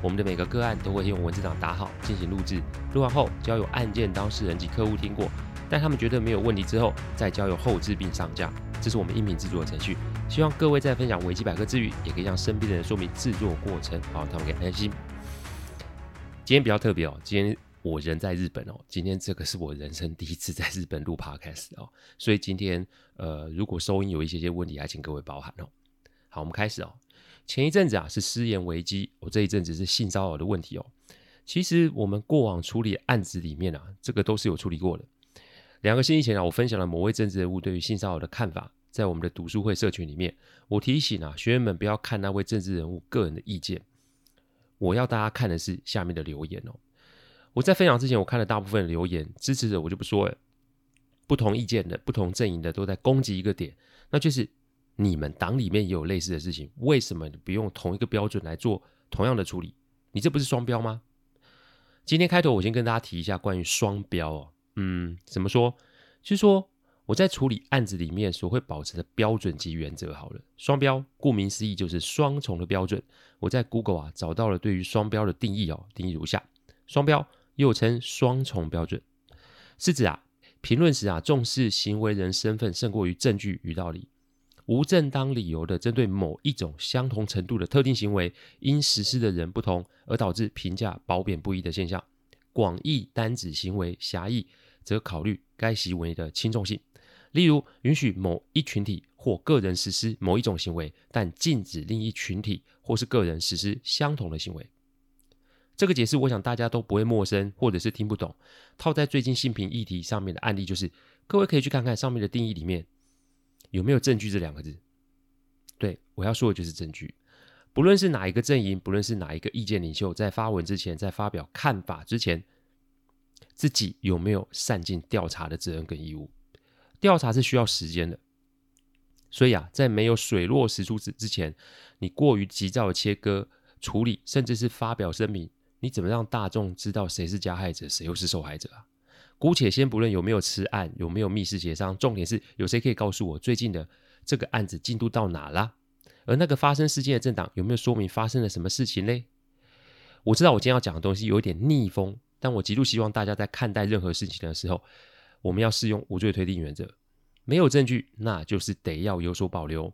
我們的每個個案都會用文字檔打好進行錄制，錄完後交由案件當事人及客戶聽過，但他們覺得沒有問題之後，再交由後製並上架。這是我們音頻制作的程序。希望各位在分享維基百科之餘，也可以向身邊的人說明制作過程，好，他們可以安心。今天比較特別哦、喔，今天我人在日本哦、喔，今天這個是我人生第一次在日本錄 Podcast 哦、喔，所以今天呃，如果收音有一些些問題，還請各位包涵哦、喔。好，我們開始哦、喔。前一陣子啊是失言危機，我，哦，這一陣子是性騷擾的問題哦。其實我們過往處理案子裡面啊，這個都是有處理過的。兩個星期前啊，我分享了某位政治人物對於性騷擾的看法，在我們的讀書會社群裡面，我提醒啊學員們不要看那位政治人物個人的意見，我要大家看的是下面的留言哦。我在分享之前，我看了大部分的留言，支持者我就不說了，不同意見的不同陣營的都在攻擊一個點，那就是。你們黨裡面也有類似的事情，為什麼你不用同一個標準來做同樣的處理？你這不是雙標嗎？今天開頭我先跟大家提一下關於雙標哦。嗯，怎麼說？就是說我在處理案子裡面所會保持的標準及原則好了。雙標，顧名思義就是雙重的標準。我在 Google 啊找到了對於雙標的定義哦，定義如下：雙標又稱雙重標準，是指啊評論時啊重視行為人身份勝過於證據與道理。無正當理由的針對某一種相同程度的特定行為，因實施的人不同而導致評價褒貶不一的現象，廣義單指行為；狹義則考慮該行為的輕重性。例如，允許某一群體或個人實施某一種行為，但禁止另一群體或是個人實施相同的行為。這個解釋我想大家都不會陌生，或者是聽不懂。套在最近性平議題上面的案例就是，各位可以去看看上面的定義裡面。有沒有證據這兩個字？對，我要說的就是證據。不論是哪一個陣營，不論是哪一個意見領袖，在發文之前，在發表看法之前，自己有沒有善盡調查的責任跟義務？調查是需要時間的，所以啊，在沒有水落石出之之前，你過於急躁切割處理，甚至是發表聲明，你怎麼讓大眾知道誰是加害者，誰又是受害者啊？姑且先不論有沒有吃案，有沒有密室協商，重點是有誰可以告訴我最近的這個案子進度到哪了？而那個發生事件的政黨有沒有說明發生了什麼事情呢？我知道我今天要講的東西有一點逆風，但我極度希望大家在看待任何事情的時候，我們要適用無罪推定原則，沒有證據那就是得要有所保留，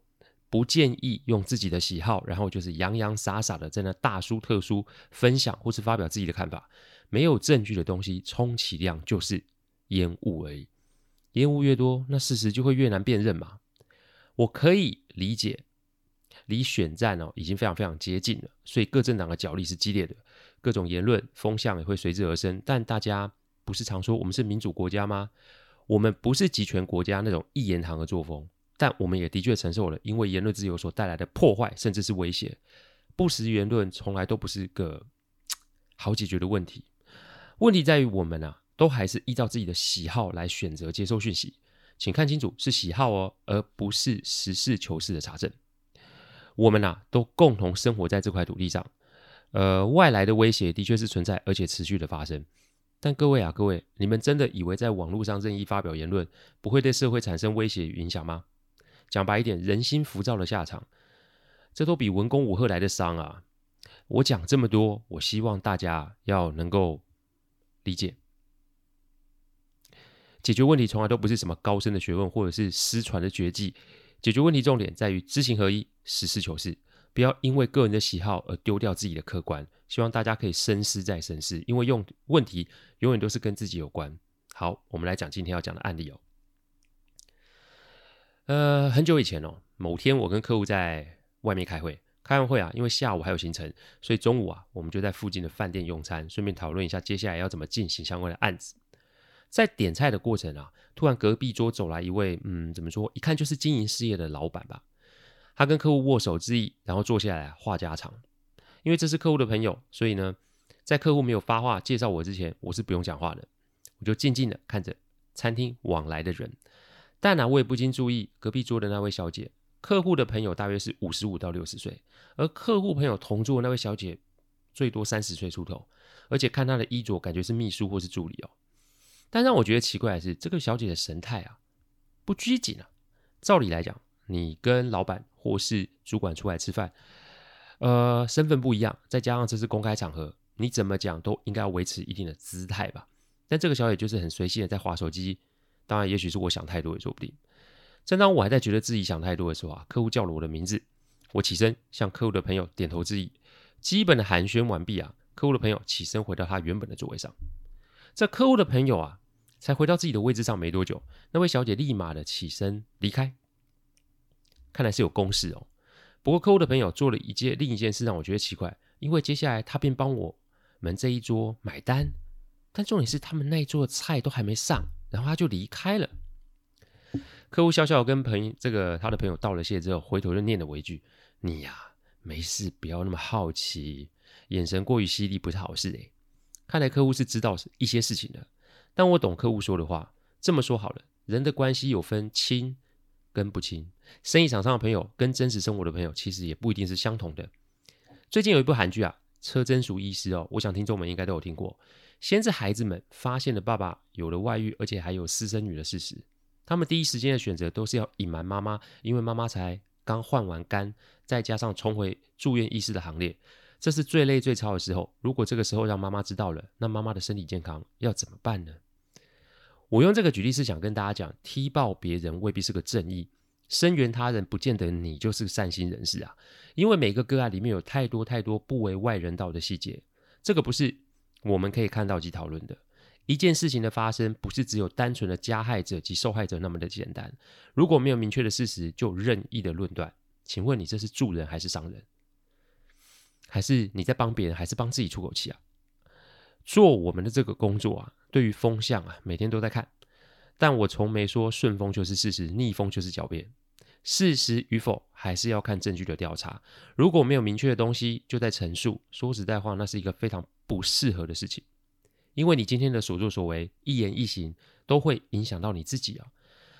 不建議用自己的喜好，然後就是洋洋灑灑的在那大書特書分享或是發表自己的看法。沒有證據的東西，充其量就是煙霧而已。煙霧越多，那事實就會越難辨認嘛。我可以理解，離選戰哦已經非常非常接近了，所以各政黨的角力是激烈的，各種言論風向也會隨之而生。但大家不是常說我們是民主國家嗎？我們不是極權國家那種一言堂的作風，但我們也的確承受了因為言論自由所帶來的破壞，甚至是威脅。不實言論從來都不是個好解決的問題。問題在於我們啊，都還是依照自己的喜好來選擇接受訊息，請看清楚是喜好哦，而不是實事求是的查證。我們啊，都共同生活在這塊土地上，呃，外來的威脅的確是存在，而且持續的發生。但各位啊，各位，你們真的以為在網絡上任意發表言論不會對社會產生威脅與影響嗎？講白一點，人心浮躁的下場，這都比文攻武嚇來的傷啊！我講這麼多，我希望大家要能夠。理解，解決問題從來都不是什麼高深的學問，或者是失傳的絕技。解決問題重點在於知行合一，實事求是，不要因為個人的喜好而丟掉自己的客觀。希望大家可以深思再深思，因為用問題永遠都是跟自己有關。好，我們來講今天要講的案例哦。呃，很久以前哦，某天我跟客戶在外面開會。開完會啊，因為下午還有行程，所以中午啊，我們就在附近的飯店用餐，順便討論一下接下來要怎麼進行相關的案子。在點菜的過程啊，突然隔壁桌走來一位，嗯，怎麼說？一看就是經營事業的老闆吧。他跟客戶握手致意，然後坐下來話家常。因為這是客戶的朋友，所以呢，在客戶沒有發話介紹我之前，我是不用講話的。我就靜靜的看着餐廳往來的人，但呢，啊，我也不禁注意隔壁桌的那位小姐。客戶的朋友大約是五十五到六十歲，而客戶朋友同坐的那位小姐最多三十歲出頭，而且看她的衣着，感覺是秘書或是助理哦。但讓我覺得奇怪的是，這個小姐的神態啊，不拘謹啊。照理來講，你跟老闆或是主管出來吃飯，呃，身份不一樣，再加上這是公開場合，你怎麼講都應該要維持一定的姿態吧。但這個小姐就是很隨性的在滑手機，當然，也許是我想太多也說不定。正當我還在覺得自己想太多的時候啊，客戶叫了我的名字，我起身向客戶的朋友點頭致意，基本的寒暄完畢啊。客戶的朋友起身回到他原本的座位上。這客戶的朋友啊，才回到自己的位置上沒多久，那位小姐立馬的起身離開，看來是有公事哦。不過客戶的朋友做了一件另一件事讓我覺得奇怪，因為接下來他便幫我們這一桌買單。但重點是他們那一桌的菜都還沒上，然後他就離開了。客戶笑笑跟朋友，這個他的朋友道了謝之後，回頭就念了我一句：“你呀、啊，沒事，不要那麼好奇，眼神過於犀利不是好事。”哎，看來客戶是知道一些事情的，但我懂客戶說的話。這麼說好了，人的關係有分親跟不親，生意場上的朋友跟真實生活的朋友其實也不一定是相同的。最近有一部韓劇啊，《車貞淑醫師》哦，我想聽眾們應該都有聽過。先是孩子們發現了爸爸有了外遇，而且還有私生女的事實。他們第一時間的選擇都是要隱瞞媽媽，因為媽媽才剛換完肝，再加上重回住院醫師的行列，這是最累最操的時候。如果這個時候讓媽媽知道了，那媽媽的身體健康要怎麼辦呢？我用這個舉例是想跟大家講，踢爆別人未必是個正義，聲援他人不見得你就是個善心人士啊。因為每個個案裡面有太多太多不為外人道的細節，這個不是我們可以看到及討論的。一件事情的發生，不是只有單純的加害者及受害者那麼的簡單。如果沒有明確的事實，就任意的論斷，請問你這是助人還是傷人？還是你在幫別人，還是幫自己出口氣啊？做我們的這個工作啊，對於風向啊，每天都在看，但我從沒說順風就是事實，逆風就是狡辯。事實與否，還是要看證據的調查。如果沒有明確的東西，就在陳述，說實在話，那是一個非常不適合的事情。因為你今天的所作所為、一言一行都會影響到你自己啊，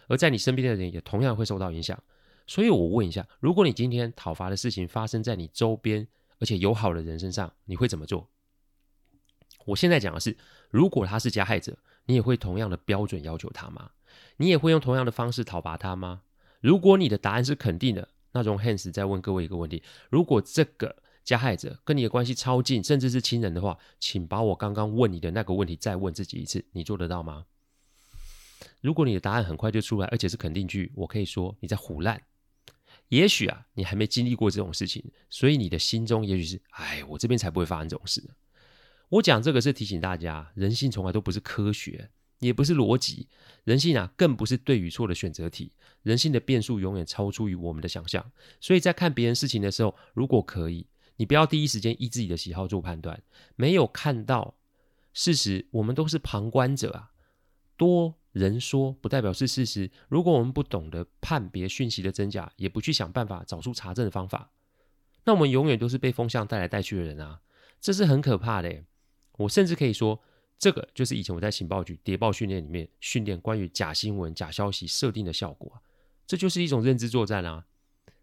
而在你身邊的人也同樣會受到影響。所以我問一下，如果你今天討伐的事情發生在你周邊，而且友好的人身上，你會怎麼做？我現在講的是，如果他是加害者，你也會同樣的標準要求他嗎？你也會用同樣的方式討伐他嗎？如果你的答案是肯定的，那容漢斯再問各位一個問題：如果這個加害者跟你的關係超近，甚至是親人的話，請把我剛剛問你的那個問題再問自己一次，你做得到嗎？如果你的答案很快就出來，而且是肯定句，我可以說你在唬爛。也許啊，你還沒經歷過這種事情，所以你的心中也許是：哎，我這邊才不會發生這種事。我講這個是提醒大家，人性從來都不是科學，也不是邏輯，人性啊，更不是對與錯的選擇題。人性的變數永遠超出於我們的想象，所以在看別人事情的時候，如果可以。你不要第一時間依自己的喜好做判斷，沒有看到事實，我們都是旁觀者啊。多人說不代表是事實。如果我們不懂得判別訊息的真假，也不去想辦法找出查證的方法，那我們永遠都是被風向帶來帶去的人啊。這是很可怕的。我甚至可以說，這個就是以前我在情報局諜報訓練裡面訓練關於假新聞、假消息設定的效果。這就是一種認知作戰啊。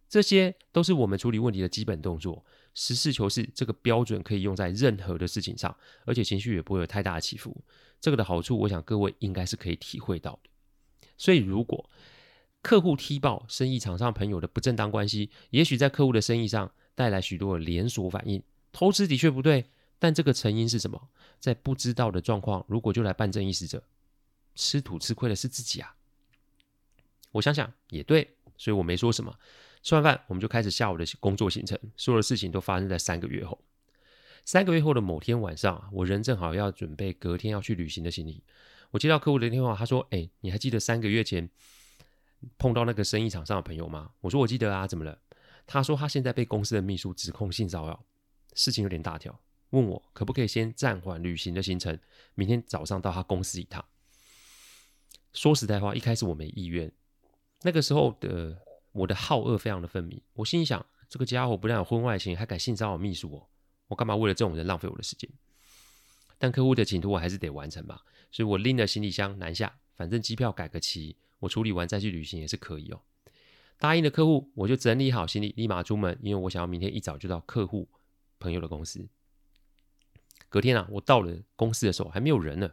這些都是我們處理問題的基本動作。實事求是這個標準可以用在任何的事情上，而且情緒也不會有太大的起伏。這個的好處，我想各位應該是可以體會到的。所以，如果客戶踢爆生意場上朋友的不正當關係，也許在客戶的生意上帶來許多的連鎖反應。偷吃的確不對，但這個成因是什麼？在不知道的狀況，如果就來扮正義使者，吃土吃虧的是自己啊！我想想，也對，所以我沒說什麼。吃完飯，我們就開始下午的工作行程。所有的事情都發生在三個月後。三個月後的某天晚上，我人正好要準備隔天要去旅行的行李。我接到客戶的電話，他說：“哎，你還記得三個月前碰到那個生意場上的朋友嗎？”我說：“我記得啊。”怎麼了？他說：“他現在被公司的秘書指控性騷擾，事情有點大條，問我可不可以先暫緩旅行的行程，明天早上到他公司一趟。”說實在話，一開始我沒意願。那個時候的。我的好惡非常的分明，我心想，這個家伙不但有婚外情，還敢性騷擾秘書哦，我幹嘛為了這種人浪費我的時間？但客戶的請托我還是得完成吧，所以我拎了行李箱南下，反正機票改個期，我處理完再去旅行也是可以哦。答應了客戶，我就整理好行李，立馬出門，因為我想要明天一早就到客戶朋友的公司。隔天啊，我到了公司的時候還沒有人呢，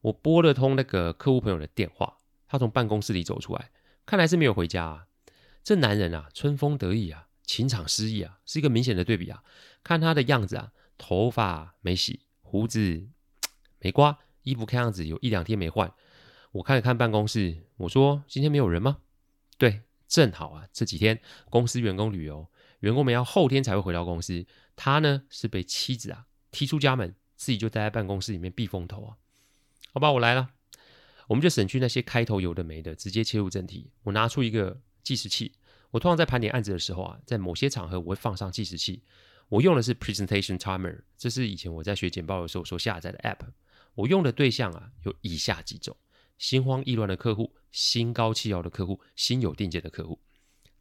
我撥了通那個客戶朋友的電話，他從辦公室裡走出來，看來是沒有回家啊。這男人啊，春風得意啊，情場失意啊，是一個明顯的對比啊。看他的樣子啊，頭髮沒洗，鬍子沒刮，衣服看樣子有一兩天沒換。我看了看辦公室，我說：“今天沒有人嗎？”對，正好啊，這幾天公司員工旅遊，員工們要後天才會回到公司。他呢，是被妻子啊踢出家門，自己就待在辦公室裡面避風頭啊。好吧，我來了，我們就省去那些開頭有的沒的，直接切入正題。我拿出一個。計時器，我通常在盤點案子的時候啊，在某些場合我會放上計時器。我用的是 Presentation Timer，這是以前我在學簡報的時候所下載的 App。我用的對象啊，有以下幾種：心慌意亂的客戶、心高氣傲的客戶、心有定見的客戶。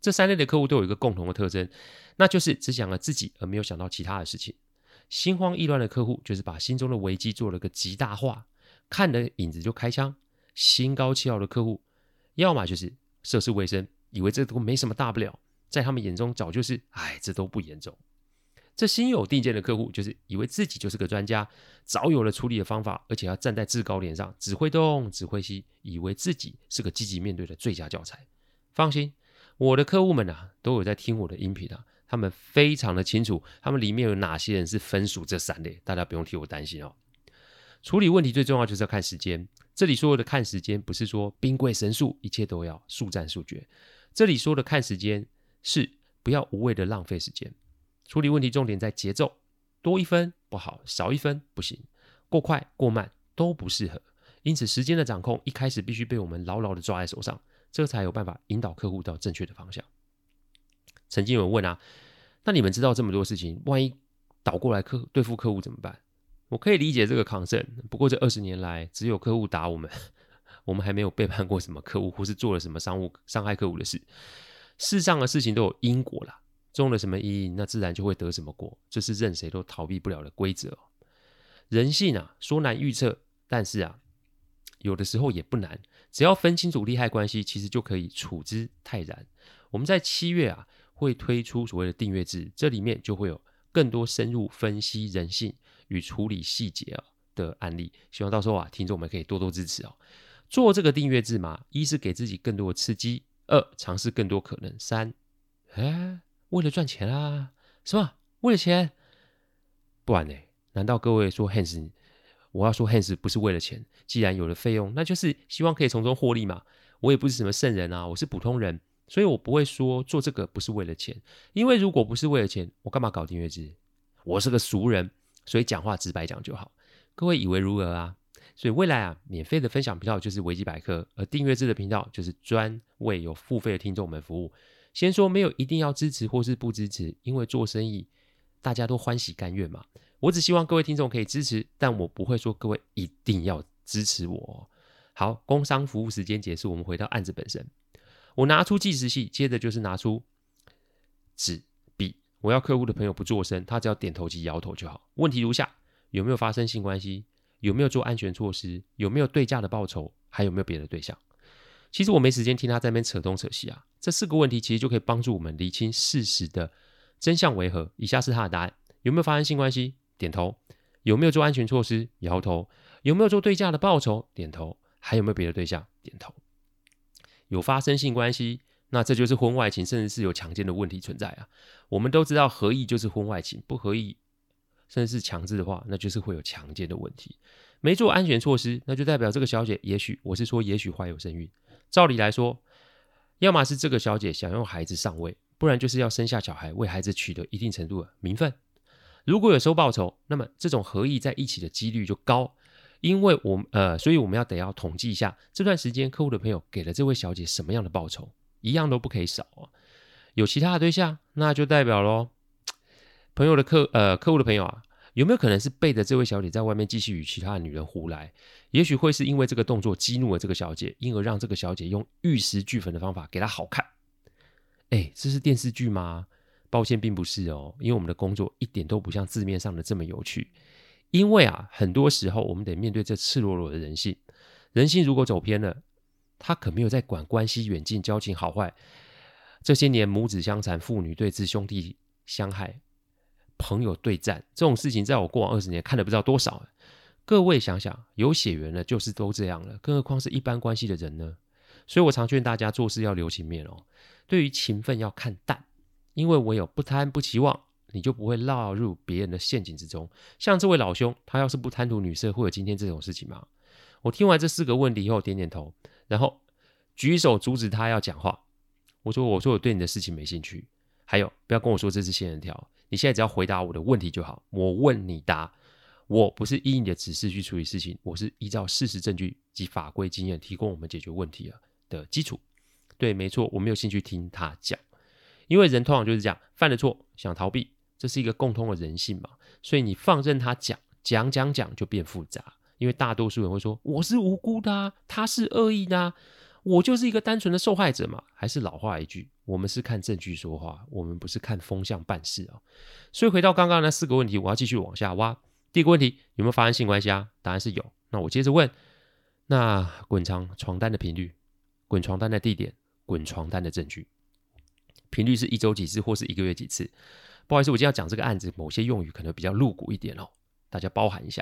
這三類的客戶都有一個共同的特徵，那就是只想了自己，而沒有想到其他的事情。心慌意亂的客戶就是把心中的危機做了個極大化，看了影子就開槍。心高氣傲的客戶，要麼就是涉世未深。以為這都沒什麼大不了，在他們眼中早就是，哎，這都不嚴重。這心有定見的客戶就是以為自己就是個專家，早有了處理的方法，而且要站在制高點上指揮東指揮西，以為自己是個積極面對的最佳教材。放心，我的客戶們啊，都有在聽我的音頻啊，他們非常的清楚，他們裡面有哪些人是分屬這三類，大家不用替我擔心哦。處理問題最重要就是要看時間，這裡說的看時間不是說兵貴神速，一切都要速戰速決。這裡說的看時間是不要無謂的浪費時間，處理問題重點在節奏，多一分不好，少一分不行，過快過慢都不適合。因此，時間的掌控一開始必須被我們牢牢的抓在手上，這才有辦法引導客戶到正確的方向。曾經有人問啊，那你們知道這麼多事情，萬一倒過來客對付客戶怎麼辦？我可以理解這個 concern，不過這二十年來只有客戶打我們。我們還沒有背叛過什麼客戶，或是做了什麼傷傷害客戶的事。世上的事情都有因果啦，種了什麼因因，那自然就會得什麼果，這是任誰都逃避不了的規則哦。人性啊，說難預測，但是啊，有的時候也不難，只要分清楚利害關係，其實就可以處之泰然。我們在七月啊，會推出所謂的訂閱制，這裡面就會有更多深入分析人性與處理細節哦的案例。希望到時候啊，聽眾們可以多多支持哦。做這個訂閱制嘛，一是給自己更多的刺激，二嘗試更多可能，三，哎、欸，為了賺錢啊，是吧？為了錢，不然呢、欸？難道各位說 Hans 我要說 Hans 不是為了錢，既然有了費用，那就是希望可以從中獲利嘛。我也不是什麼聖人啊，我是普通人，所以我不會說做這個不是為了錢，因為如果不是為了錢，我幹嘛搞訂閱制？我是個俗人，所以講話直白講就好。各位以為如何啊？所以未來啊，免費的分享頻道就是維基百科，而訂閱制的頻道就是專為有付費的聽眾們服務。先說沒有一定要支持或是不支持，因為做生意大家都歡喜甘願嘛。我只希望各位聽眾可以支持，但我不會說各位一定要支持我。好，工商服務時間結束，我們回到案子本身。我拿出計時器，接着就是拿出紙筆。我要客戶的朋友不做聲，他只要點頭及搖頭就好。問題如下，有沒有發生性關係？有沒有做安全措施？有沒有對價的報酬？還有沒有別的對象？其實我沒時間聽他在那邊扯東扯西啊。這四個問題其實就可以幫助我們理清事實的真相為何。以下是他的答案：有沒有發生性關係？點頭。有沒有做安全措施？搖頭。有沒有做對價的報酬？點頭。還有沒有別的對象？點頭。有發生性關係，那這就是婚外情，甚至是有強姦的問題存在啊。我們都知道合意就是婚外情，不合意。甚至是強制的話，那就是會有強姦的問題。沒做安全措施，那就代表這個小姐也許，也許我是說，也許懷有身孕。照理來說，要麼是這個小姐想用孩子上位，不然就是要生下小孩，為孩子取得一定程度的名分。如果有收報酬，那麼這種合意在一起的幾率就高。因為我們呃，所以我們要得要統計一下這段時間客戶的朋友給了這位小姐什麼樣的報酬，一樣都不可以少啊。有其他的對象，那就代表嘍。朋友的客呃，客戶的朋友啊，有沒有可能是背着這位小姐在外面繼續與其他的女人胡來？也許會是因為這個動作激怒了這個小姐，因而讓這個小姐用玉石俱焚的方法給她好看。哎、欸，這是電視劇嗎？抱歉，並不是哦，因為我們的工作一點都不像字面上的這麼有趣。因為啊，很多時候我們得面對這赤裸裸的人性。人性如果走偏了，他可沒有在管關係遠近、交情好壞。這些年，母子相殘、父女對峙、兄弟相害。朋友對戰這種事情，在我過往二十年看了不知道多少。各位想想，有血緣的，就是都這樣了，更何況是一般關係的人呢？所以我常勸大家做事要留情面哦。對於情分要看淡，因為我有不貪不期望，你就不會落入別人的陷阱之中。像這位老兄，他要是不貪圖女色，會有今天這種事情嗎？我聽完這四個問題以後，點點頭，然後舉手阻止他要講話。我說：“我說我對你的事情沒興趣，還有，不要跟我說這是仙人跳。”你現在只要回答我的問題就好，我問你答。我不是依你的指示去處理事情，我是依照事實證據及法規經驗提供我們解決問題的基礎。對，沒錯，我沒有興趣聽他講，因為人通常就是這樣，犯了錯想逃避，這是一個共通的人性嘛。所以你放任他講講講講就變複雜，因為大多數人會說我是無辜的啊，他是惡意的啊，我就是一個單純的受害者嘛。還是老話一句。我們是看證據說話，我們不是看風向辦事哦。所以回到剛剛那四個問題，我要繼續往下挖。第一個問題，有沒有發生性關係啊？答案是有。那我接着問，那滾床床單的頻率、滾床單的地點、滾床單的證據，頻率是一周幾次或是一個月幾次？不好意思，我今天要講這個案子，某些用語可能比較露骨一點哦，大家包涵一下。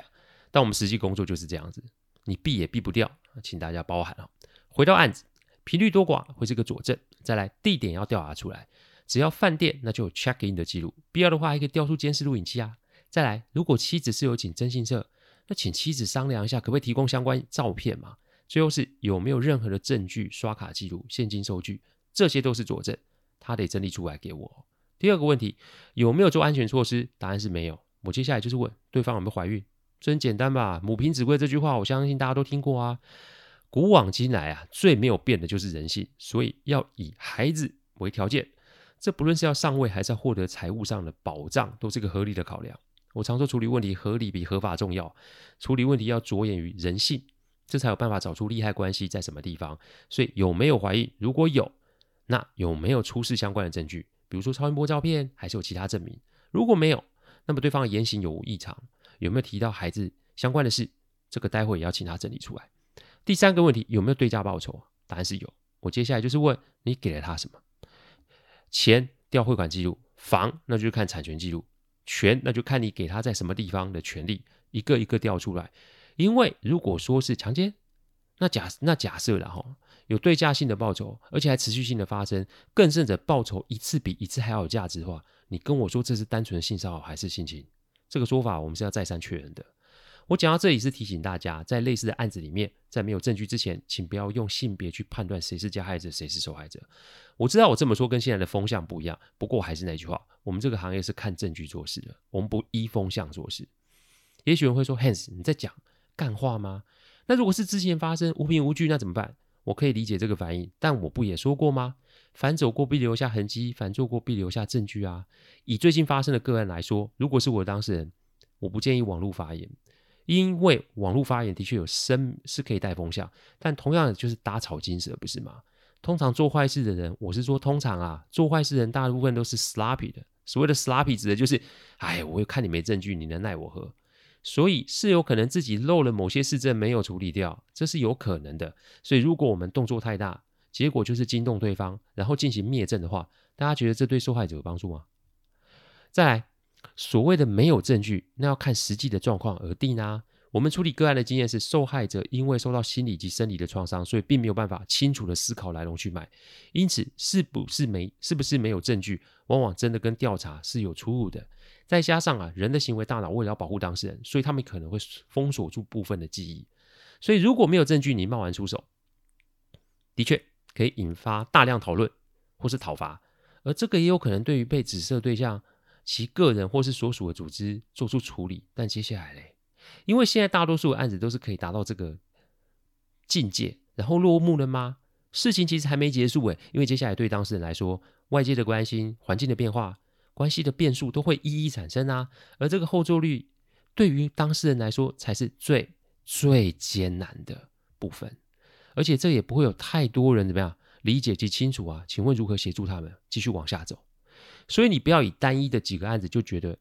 但我們實際工作就是這樣子，你避也避不掉，請大家包涵啊哦。回到案子。頻率多寡會是個佐證，再來地點要調查出來，只要飯店那就有 check in 的記錄，必要的話還可以調出監視錄影器啊。再來，如果妻子是有請徵信社，那請妻子商量一下，可不可以提供相關照片嘛？最後是有沒有任何的證據刷卡記錄、現金收據，這些都是佐證，他得整理出來給我。第二個問題，有沒有做安全措施？答案是沒有。我接下來就是問對方有沒有懷孕，這很簡單吧？母憑子貴這句話，我相信大家都聽過啊。古往今來啊，最沒有變的就是人性，所以要以孩子為條件。這不論是要上位還是要獲得財務上的保障，都是一個合理的考量。我常說，處理問題合理比合法重要。處理問題要着眼於人性，這才有辦法找出利害關係在什麼地方。所以有沒有懷疑？如果有，那有沒有出示相關的證據？比如說超音波照片，還是有其他證明？如果沒有，那麼對方的言行有無異常？有沒有提到孩子相關的事？這個待會也要請他整理出來。第三個問題有沒有對價報酬？答案是有。我接下來就是問你給了他什麼？錢調匯款記錄，房那就是看產權記錄，權那就看你給他在什麼地方的權利，一個一個調出來。因為如果說是強奸，那假那假設了哈，有對價性的報酬，而且還持續性的發生，更甚者報酬一次比一次還要有價值的話，你跟我說這是單純的性騷擾還是性侵？這個說法我們是要再三確認的。我講到這裡是提醒大家，在類似的案子裡面，在沒有證據之前，請不要用性別去判斷誰是加害者，誰是受害者。我知道我這麼說跟現在的風向不一樣，不過還是那句話，我們這個行業是看證據做事的，我們不依風向做事。也許有人會說，Hans，你在講幹話嗎？那如果是之前發生無憑無據，那怎麼辦？我可以理解這個反應，但我不也說過嗎？凡走過必留下痕跡，凡做過必留下證據啊。以最近發生的個案來說，如果是我的當事人，我不建議網絡發言。因為網絡發言的確有聲，是可以帶風向，但同樣的就是打草驚蛇，不是嗎？通常做壞事的人，我是說，通常啊，做壞事的人大部分都是 sloppy 的，所謂的 sloppy 指的就是，哎，我又看你沒證據，你能奈我何？所以是有可能自己漏了某些事證沒有處理掉，這是有可能的。所以如果我們動作太大，結果就是驚動對方，然後進行滅證的話，大家覺得這對受害者有幫助嗎？再來。所謂的沒有證據，那要看實際的狀況而定啦。啊，我們處理個案的經驗是，受害者因為受到心理及生理的創傷，所以並沒有辦法清楚的思考來龍去脈。因此，是不是沒是不是沒有證據，往往真的跟調查是有出入的。再加上啊，人的行為大腦為了要保護當事人，所以他們可能會封鎖住部分的記憶。所以，如果沒有證據，你貿然出手，的確可以引發大量討論或是討伐。而這個也有可能對於被指涉對象，其個人或是所屬的組織做出處理，但接下來呢，因為現在大多數的案子都是可以達到這個境界，然後落幕了嗎？事情其實還沒結束哎、欸，因為接下來對當事人來說，外界的關心、環境的變化、關係的變數都會一一產生啊，而這個後坐力對於當事人來說才是最最艱難的部分，而且這也不會有太多人怎麼樣理解及清楚啊，請問如何協助他們繼續往下走？所以你不要以單一的幾個案子就覺得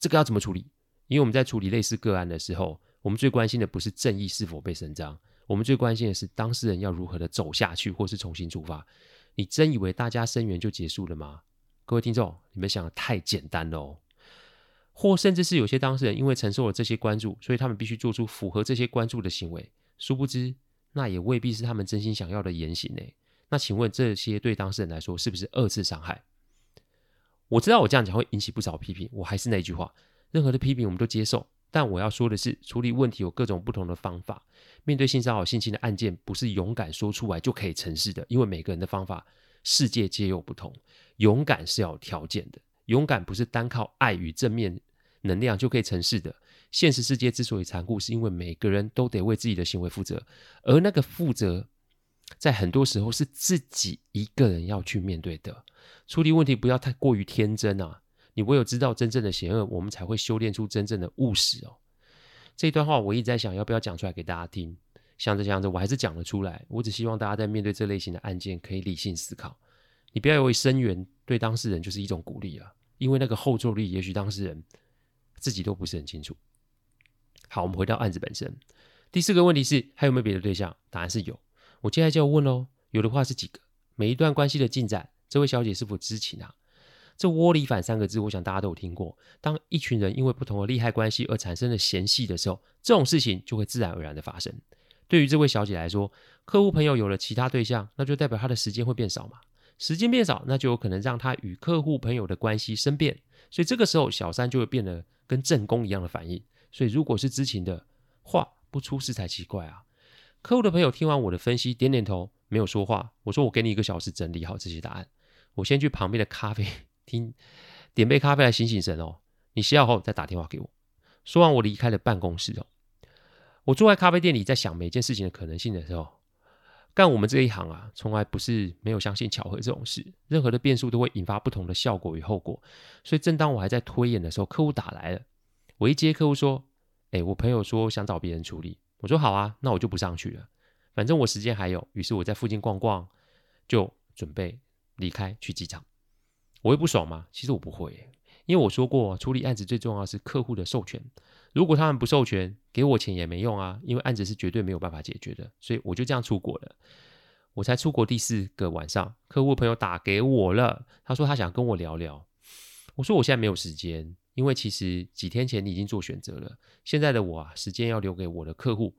這個要怎麼處理，因為我們在處理類似個案的時候，我們最關心的不是正義是否被伸張，我們最關心的是當事人要如何的走下去或是重新出發。你真以為大家聲援就結束了嗎？各位聽眾，你們想的太簡單了哦。或甚至是有些當事人因為承受了這些關注，所以他們必須做出符合這些關注的行為，殊不知那也未必是他們真心想要的言行呢。那請問這些對當事人來說是不是二次傷害？我知道我這樣講會引起不少批評，我還是那句話，任何的批評我們都接受。但我要說的是，處理問題有各種不同的方法。面對性騷擾、性侵的案件，不是勇敢說出來就可以成事的，因為每個人的方法、世界皆有不同。勇敢是要有條件的，勇敢不是單靠愛與正面能量就可以成事的。現實世界之所以殘酷，是因為每個人都得為自己的行為負責，而那個負責，在很多時候是自己一個人要去面對的。處理問題不要太過於天真啊！你唯有知道真正的邪惡，我們才會修煉出真正的務實哦。這段話我一直在想，要不要講出來給大家聽？想着想着，我還是講了出來。我只希望大家在面對這類型的案件，可以理性思考。你不要以為聲援對當事人就是一種鼓勵啊，因為那個後座力，也許當事人自己都不是很清楚。好，我們回到案子本身。第四個問題是，還有沒有別的對象？答案是有。我接下來就要問哦，有的話是幾個？每一段關係的進展？這位小姐是否知情啊？這“窩裡反”三個字，我想大家都有聽過。當一群人因為不同的利害關係而產生了嫌隙的時候，這種事情就會自然而然的發生。對於這位小姐來說，客戶朋友有了其他對象，那就代表她的時間會變少嘛。時間變少，那就有可能讓她與客戶朋友的關係生變。所以這個時候，小三就會變得跟正宮一樣的反應。所以如果是知情的話，不出事才奇怪啊！客戶的朋友聽完我的分析，點點頭，沒有說話。我說：“我給你一個小時整理好這些答案。”我先去旁邊的咖啡廳點杯咖啡來醒醒神哦。你洗好後再打電話給我。說完，我離開了辦公室哦。我坐在咖啡店裡，在想每件事情的可能性的時候，幹我們這一行啊，從來不是沒有相信巧合這種事。任何的變數都會引發不同的效果與後果。所以，正當我還在推演的時候，客戶打來了。我一接客戶說：“哎、欸，我朋友說想找別人處理。”我說：“好啊，那我就不上去了，反正我時間還有。”於是我在附近逛逛，就準備。離開去機場，我會不爽嗎？其實我不會，因為我說過，處理案子最重要是客戶的授權。如果他們不授權，給我錢也沒用啊，因為案子是絕對沒有辦法解決的。所以我就這樣出國了。我才出國第四個晚上，客戶朋友打給我了，他說他想跟我聊聊。我說我現在沒有時間，因為其實幾天前你已經做選擇了。現在的我啊，時間要留給我的客戶。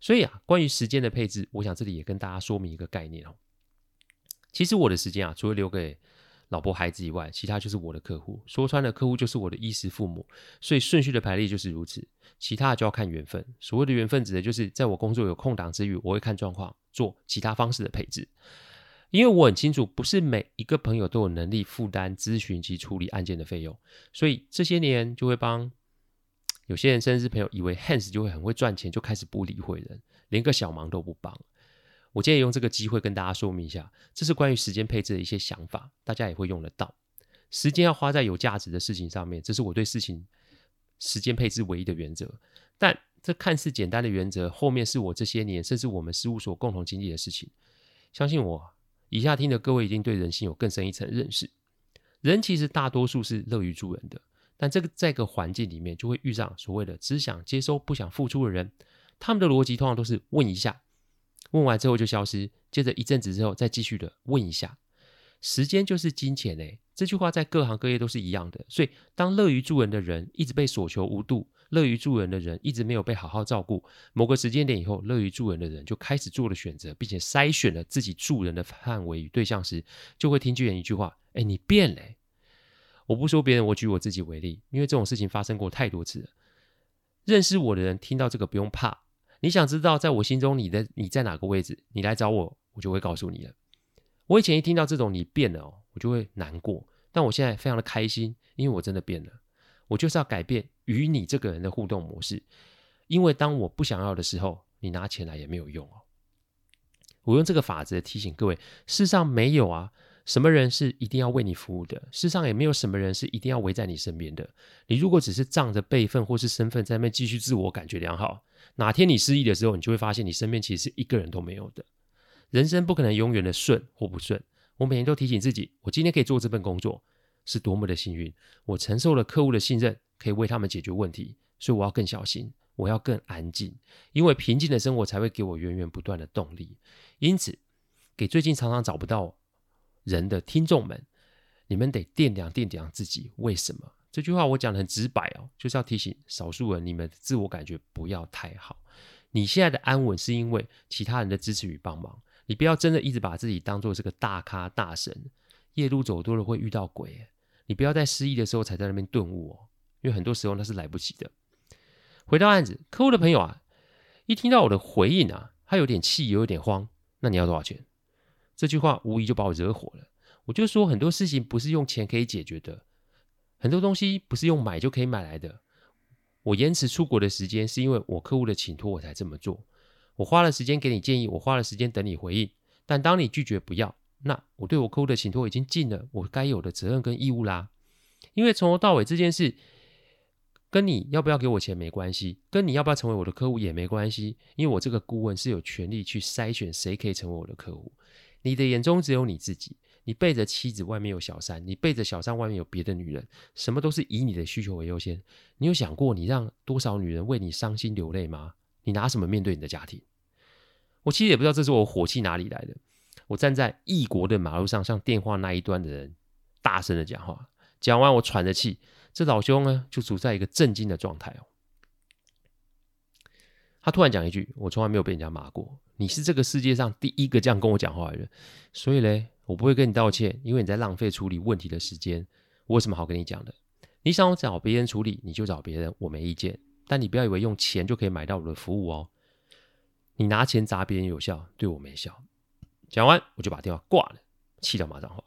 所以啊，關於時間的配置，我想這裡也跟大家說明一個概念哦。其實我的時間啊，除了留給老婆孩子以外，其他就是我的客戶。說穿了，客戶就是我的衣食父母，所以順序的排列就是如此。其他就要看緣分。所謂的緣分，指的就是在我工作有空檔之餘，我會看狀況做其他方式的配置。因為我很清楚，不是每一個朋友都有能力負擔諮詢及處理案件的費用，所以這些年就會幫有些人，甚至是朋友以為 Hans 就會很會賺錢，就開始不理會人，連個小忙都不幫。我今天用這個機會跟大家說明一下，這是關於時間配置的一些想法，大家也會用得到。時間要花在有價值的事情上面，這是我對事情時間配置唯一的原則。但這看似簡單的原則，後面是我這些年甚至我們事務所共同經歷的事情。相信我，以下聽的各位已經對人性有更深一層的認識。人其實大多數是樂於助人的，但這個在一個環境裡面就會遇上所謂的只想接收不想付出的人。他們的邏輯通常都是問一下。問完之後就消失，接着一陣子之後再繼續的問一下，時間就是金錢呢、欸，這句話在各行各業都是一樣的。所以，當樂於助人的人一直被索求無度，樂於助人的人一直沒有被好好照顧，某個時間點以後，樂於助人的人就開始做了選擇，並且篩選了自己助人的範圍與對象時，就會聽見一句話：“哎、欸，你變了、欸。”我不說別人，我舉我自己為例，因為這種事情發生過太多次了。認識我的人聽到這個不用怕。你想知道，在我心中，你的你在哪個位置？你來找我，我就會告訴你了。我以前一聽到這種你變了哦，我就會難過。但我現在非常的開心，因為我真的變了。我就是要改變與你這個人的互動模式，因為當我不想要的時候，你拿錢來也沒有用哦。我用這個法則提醒各位：世上沒有啊什麼人是一定要為你服務的，世上也沒有什麼人是一定要圍在你身邊的。你如果只是仗着輩分或是身份，在那邊繼續自我感覺良好。哪天你失意的時候，你就會發現你身邊其實是一個人都沒有的。人生不可能永遠的順或不順。我每天都提醒自己，我今天可以做這份工作，是多麼的幸運。我承受了客戶的信任，可以為他們解決問題，所以我要更小心，我要更安靜，因為平靜的生活才會給我源源不斷的動力。因此，給最近常常找不到人的聽眾們，你們得掂量掂量自己，為什麼？這句話我講得很直白哦，就是要提醒少數人，你們自我感覺不要太好。你現在的安穩是因為其他人的支持與幫忙，你不要真的一直把自己當做這個大咖大神，夜路走多了會遇到鬼。你不要在失意的時候才在那邊頓悟哦，因為很多時候那是來不及的。回到案子，客戶的朋友啊，一聽到我的回應啊，他有點氣，有點慌。那你要多少錢？這句話無疑就把我惹火了。我就說很多事情不是用錢可以解決的。很多東西不是用買就可以買來的。我延遲出國的時間是因為我客戶的請託，我才這麼做。我花了時間給你建議，我花了時間等你回應。但當你拒絕不要，那我對我客戶的請託已經盡了我該有的責任跟義務啦。因為從頭到尾這件事跟你要不要給我錢沒關係，跟你要不要成為我的客戶也沒關係。因為我這個顧問是有權利去篩選誰可以成為我的客戶。你的眼中只有你自己。你背着妻子，外面有小三；你背着小三，外面有別的女人。什麼都是以你的需求為優先。你有想過，你讓多少女人為你傷心流淚嗎？你拿什麼面對你的家庭？我其實也不知道，這是我火氣哪裡來的。我站在異國的馬路上，向電話那一端的人大聲的講話。講完，我喘着氣。這老兄呢，就處在一個震驚的狀態哦。他突然講一句：“我從來沒有被人家罵過，你是這個世界上第一個這樣跟我講話的人。”所以嘞。我不會跟你道歉，因為你在浪費處理問題的時間。我有什麼好跟你講的？你想找別人處理，你就找別人，我沒意見。但你不要以為用錢就可以買到我的服務哦。你拿錢砸別人有效，對我沒效。講完，我就把電話掛了，氣到馬上好。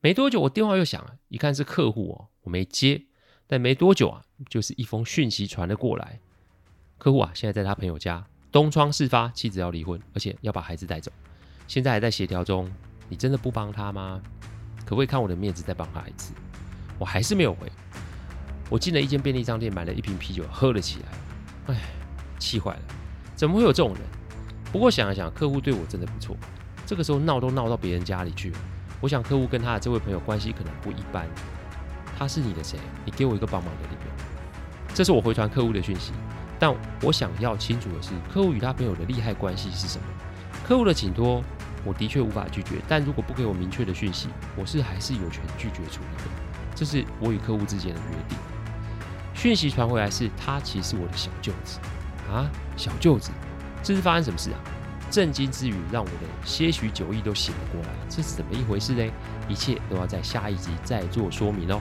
沒多久，我電話又響了，一看是客戶哦，我沒接。但沒多久啊，就是一封訊息傳了過來。客戶啊，現在在他朋友家，東窗事發，妻子要離婚，而且要把孩子帶走。現在還在協調中。你真的不幫他嗎？可不可以看我的面子再幫他一次？我還是沒有回。我進了一間便利商店，買了一瓶啤酒，喝了起來。唉，氣壞了！怎麼會有這種人？不過想一想，客戶對我真的不錯。這個時候鬧都鬧到別人家裡去了。我想客戶跟他的這位朋友關係可能不一般。他是你的誰？你給我一個幫忙的理由。這是我回傳客戶的訊息。但我想要清楚的是，客戶與他朋友的利害關係是什麼？客戶的請託，我的確無法拒絕，但如果不給我明確的訊息，我是還是有權拒絕處理的，這是我與客戶之間的約定。訊息傳回來是，他其實是我的小舅子啊。小舅子，這是發生什麼事啊？震驚之餘，讓我的些許酒意都醒了過來，這是怎麼一回事呢？一切都要在下一集再做說明哦。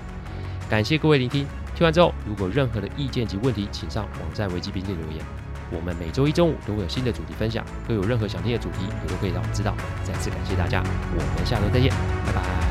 感謝各位聆聽，聽完之後，如果任何的意見及問題，請上網站危機邊界留言。我們每周一中午都會有新的主題分享。若有任何想聽的主題，也都可以讓我們知道。再次感謝大家，我們下周再見，拜拜。